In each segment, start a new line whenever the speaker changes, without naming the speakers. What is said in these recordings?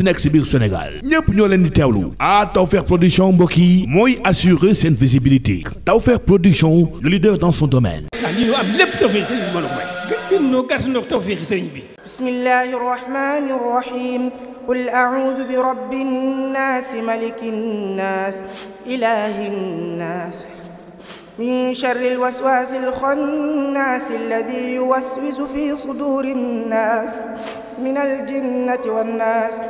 munti nekk si biir Sénégal ñépp ñoo leen di teewlu ah Tawfekh production mbokk yi mooy assurer seen visibilité Tawfekh production le leader dans son domaine ah lii am lépp Tawfekh sëriñ bi mën a may gën noo gàtt noo Tawfekh sëriñ bi bismillahi rahmani rahim qul a'udhu bi rabbi nnaas maliki nnaas ilahi
nnaas
min sharri lwaswaasi lxannaasi alladi yuwaswisu fi suduri nnaas min aljinnati wannaas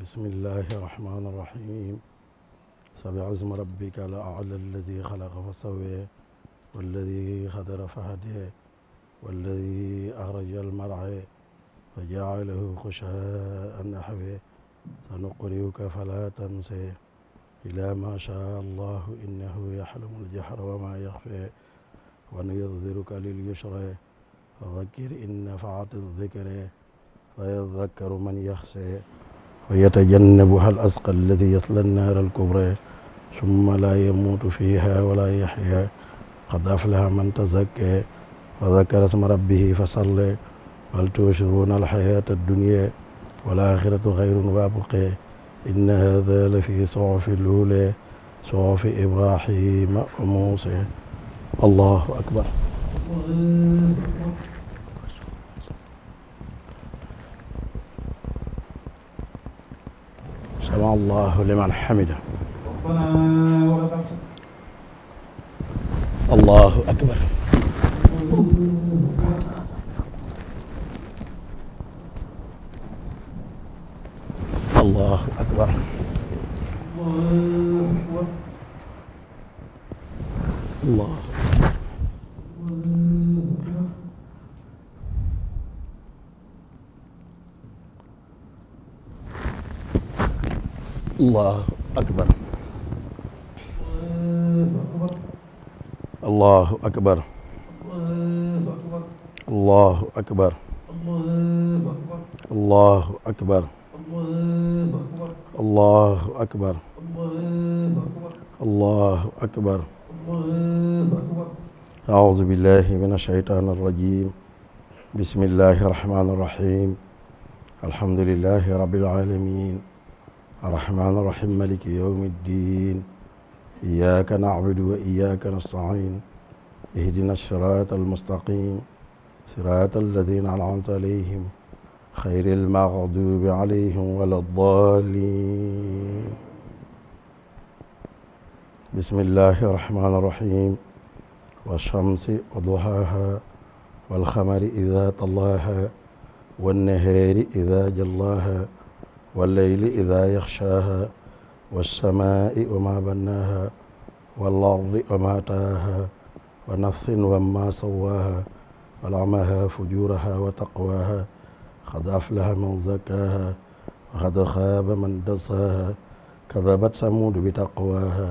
بسم الله الرحمن الرحيم سبعزم ربك لأعلى الذي خلق فسوي والذي خدر فهدي والذي أخرج المرعى فجعله خشاء نحوه سنقرئك فلا تنسى إلى ما شاء الله إنه يحلم الجحر وما يخفي ونذكرك لليسر فذكر إن نفعت الذكر فيذكر من يخشى ويتجنبها الأسقى الذي يصلى النار الكبرى ثم لا يموت فيها ولا يحيا قد أفلح من تزكى وذكر اسم ربه فصلى بل تؤثرون الحياة الدنيا والآخرة خير وأبقى إن هذا لفي صحف الأولى صحف إبراهيم وموسى الله أكبر سمع الله لمن حمده
الله أكبر
allahu akbar allahu akbar allahu akbar allahu akbar allahu akbar allahu akbar أعوذ بالله من الشيطان الرجيم بسم الله الرحمن الرحيم الحمد لله رب العالمين الرحمن الرحيم مالك يوم الدين إياك نعبد وإياك نستعين اهدنا الصراط المستقيم صراط الذين أنعمت عليهم خير المغضوب عليهم ولا الضالين بسم الله الرحمن الرحيم والشمس وضحاها والخمر إذا طلاها والنهار إذا جلاها wallayli idaa yaxshaaha wassamaa'i wa maa bannaaha wal ardi wa maa tahaaha wa nafsin wa maa sawwaaha wa alhamahaa fujuurahaa wa taqwaaha qad aflaha man zakkaaha wa qad xaaba man dassaaha kadabat samuudu bi taqwaaha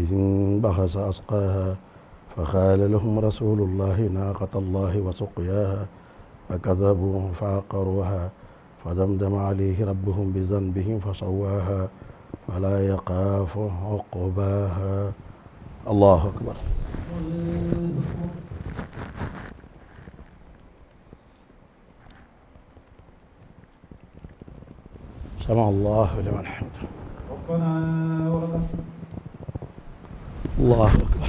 iz inbaxasa asqaaha fa qaala lahum rasuulullaahi naaqata llaahi wa suqyaaha fa kazzabuuhu fa aqaruuhaa fa damdama alayhi rabbuhum bi zanbihim fa sawaaha wala yaqaafu uqbaaha allahu akbar sami allahu liman hamdah allahu akbar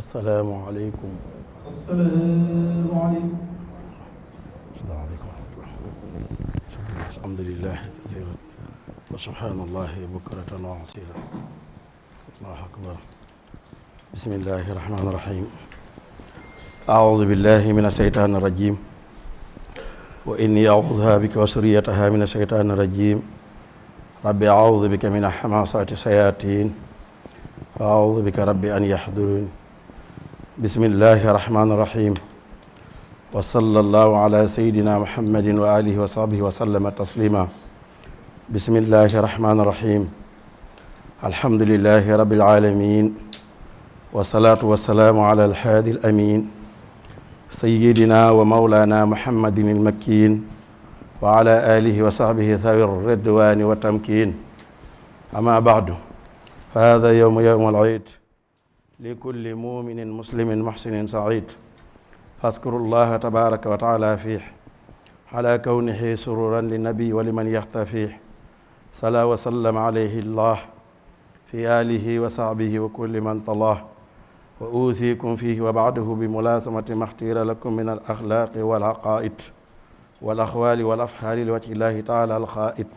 asalaamualeykum.
asalaamualeykum.
asalaamaaleykum wa rahmatulah. alhamdulilah kasiiran wa subhaanallaahi bukratan wa asiila. allaahu akbar. bismillaahi rahmaani rahiim. acuudu billaahi mina shaytaani rajiim. wa innii acuuduhaa bika wa suriyatahaa mina shaytaani rajiim. rabbi acuudu bika mina hamaasaati sayaatiin. wa acuudu bika rabbi an yaxduruun bismillahi irrahmani irrahim wa salla allahu ala sayidina muhammadin wa alihi wa sahbihi wa sallama taslima bismillahi irrahmani irrahim alhamdulilahi rabil alamin wasalaatu wasalaamu ala alhaadi alamin sayidina wa maulana muhammadin almakkin wa ala alihi wa sahbihi thawi ridwani wa tamkin ama baadu hada yowmu yowmu al iid likulli muminin muslimin muhsinin said faskuru llaha tabaraka wa taala fiih ala kawnihi sururan linnabi wa liman yaxtafih sala wa sallam alayhi llah fi alihi wa sahbihi wa kulli man talah wa uusikum fihi wa baaduhu bi mulaasamati maxtiira lakum min al axlaaqi wal aqaaid wal axwaali wal afxaali li wajhi llahi taala alxaaid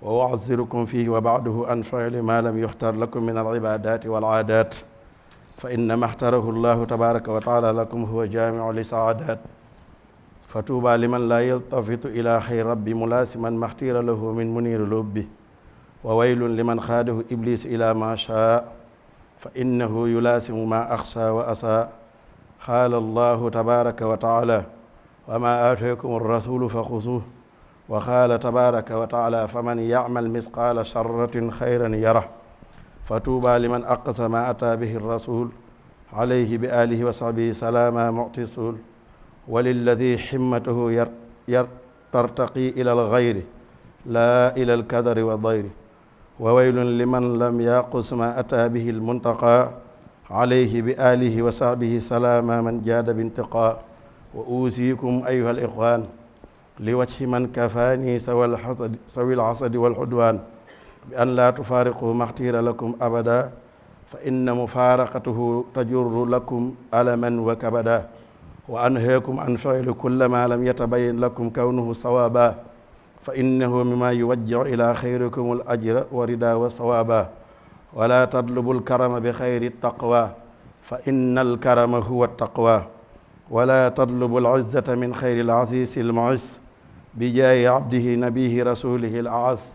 wa uazirukum fihi wa baaduhu an fiili ma lam yuxtar lakum min al ibaadaati wal aadaat fa innama axtarahu llahu tabaraka wa taala lakum huwa jaamiu li saadat fa tuuba liman laa yaltafitu ila xayr rabbi mulaasiman maxtiira lahu min muniiri lubbi wa waylun liman xaadahu iblis ila ma shaa fa innahu yulaasimu ma axsa wa asa xaala allahu tabaraka wa taala wa ma aataakum arrasulu fa xusuuh wa xaala tabaraka wa taala faman yacmal misqaala charratin xayran yarah fa tuuba liman aqsama ata bihi rasul alayhi bi alihi wa sahbihi salaama muti suul walilladi himmatahu yar yar tartaqi ila alxayri laa ila alkadari wa dayri wa waylun liman lam yaqus ma ata bihi almuntaqa alayhi bi alihi wa sahbihi salaama man jaada bintiqa wa uusikum ayuha aliqwan li wajhi man kafaani sawi alxasadi walxudwaan bi an laa tufaariqu maxtiira lakum abada fa inna mufaaraqatuhu tajurru lakum alaman wa kabada wa anhaakum an fi'li kulla ma lam yatabayin lakum kawnuhu sawaaba fa innahu mima yuwajjiu ila xayrikum al ajra wa ridaa wa sawaaba wala tatlubu alkarama bi xayri taqwa fa inna alkarama huwa taqwa wala tatlubu alizzata min xayri alasiisi almuis bi jaayi abdihi nabihi rasulihi al aas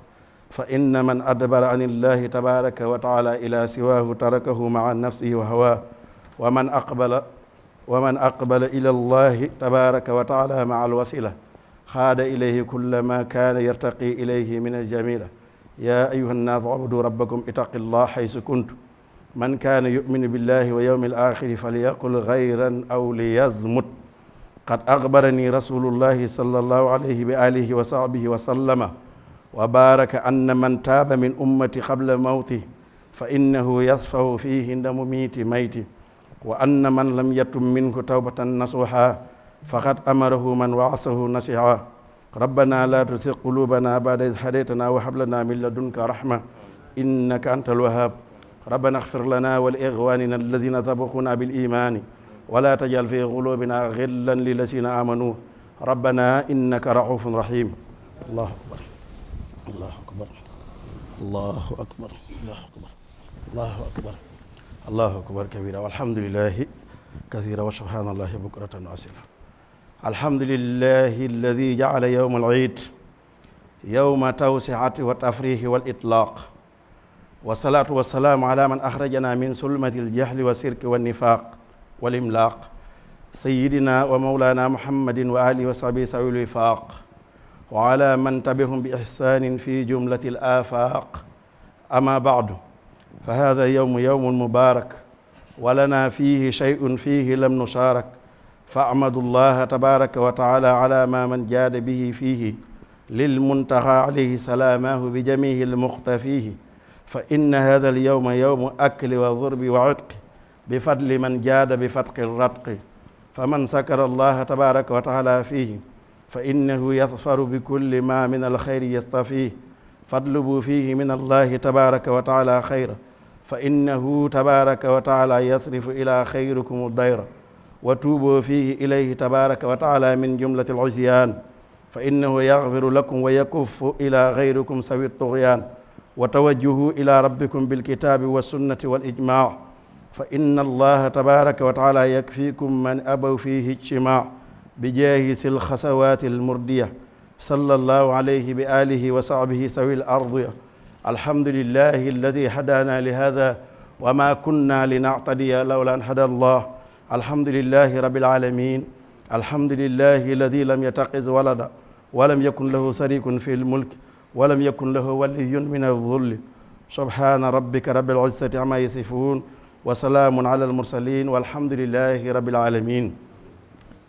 fa inna man adbara an illahi tabaraka wa taala ila siwaahu tarakahu maa nafsihi wa hawaa wa man aqbala wa man aqbala ila allahi tabaraka wa taala maa alwasila xaada ilayhi kulla ma kaana yartaqi ilayhi min aljamila yaa ayuha annaas abuduu rabbakum itaqi llah xaysu kuntu man kaana yuminu billahi wa yowmi alaxiri falyaqul gayran aw liyazmut qad axbarani rasulullahi sallallahu alayhi wa alihi wa sahbihi wa sallama wa baaraka anna man taaba min ummati qabla mawti fa innahu yasfahu fihi ndamu miiti mayti wa anna man lam yatum minhu tawbatan nasuha faqad amarahu man waasahu nasiha rabbana la tusiq qulubana ba'da id hadaytana wa hab lana min ladunka rahma innaka anta alwahhab rabbana ighfir lana wa li ikhwanina alladhina sabaquna bil imani wa la taj'al fi qulubina ghillan lil ladhina amanu rabbana innaka ra'ufun rahim allahu akbar allahu akbar allahu akbar allahu akbar allahu akbar allahu akbar kabira walhamdulilahi kathira wa subhanallahi bukratan asila alhamdulilahi alladi jacala yowma alciid yowma tawsiati waltafrihi walitlaq wasalaatu wasalaamu ala man axrajana min sulmati aljahli wa sirki wannifaq walimlaaq sayidina wa maulana muhammadin wa alihi wa sahbihi sawil wifaaq wa ala man tabihum bi ihsanin fi jumlati al afaq ama baadu fa hada yowmu yowmun mubarak wa lana fihi shay'un fihi lam nusharak fa ahmadu llaha tabaraka wa taala ala ma man jaada bihi fihi lilmuntaha alayhi salaamahu bi jamihi lmuxtafihi fa inna hada al yowma yowmu akli wa durbi wa utqi bi fadli man jaada bi fatqi ratqi fa man sakara allaha tabaraka wa taala fihi fa innahu yadfaru bi kulli ma min alxayri yastafiih fatlubu fiihi min allahi tabaraka wa taala xayra fa innahu tabaraka wa taala yasrifu ila xayrikum dayra wa tuuboo fiihi ilayhi tabaraka wa taala min jumlati alcisyaan fa innahu yaxfiru lakum wa yakuffu ila xayrikum sawi tugyaan wa tawajjuhu ila rabbikum bilkitaabi wassunnati walijmaac fa inna allaha tabaraka wa taala yakfiikum man abaw fiihi ijtimaac bijaahi sil xasawaati almurdiya sallallahu alayhi bi alihi wa sahbihi sawi l ardiya alhamdulillahi alladi hadaana li hada wa ma kunna linactadiya lawla an hada allah alhamdulillahi rabbil alamin alhamdulillahi alladi lam yattaxiz walada walam yakun lahu sarikun fi lmulk walam yakun lahu waliyun min alzulli subhaana rabbika rabbil izzati amma yasifun wa salaamun ala almursalin walhamdulillahi rabbil alamin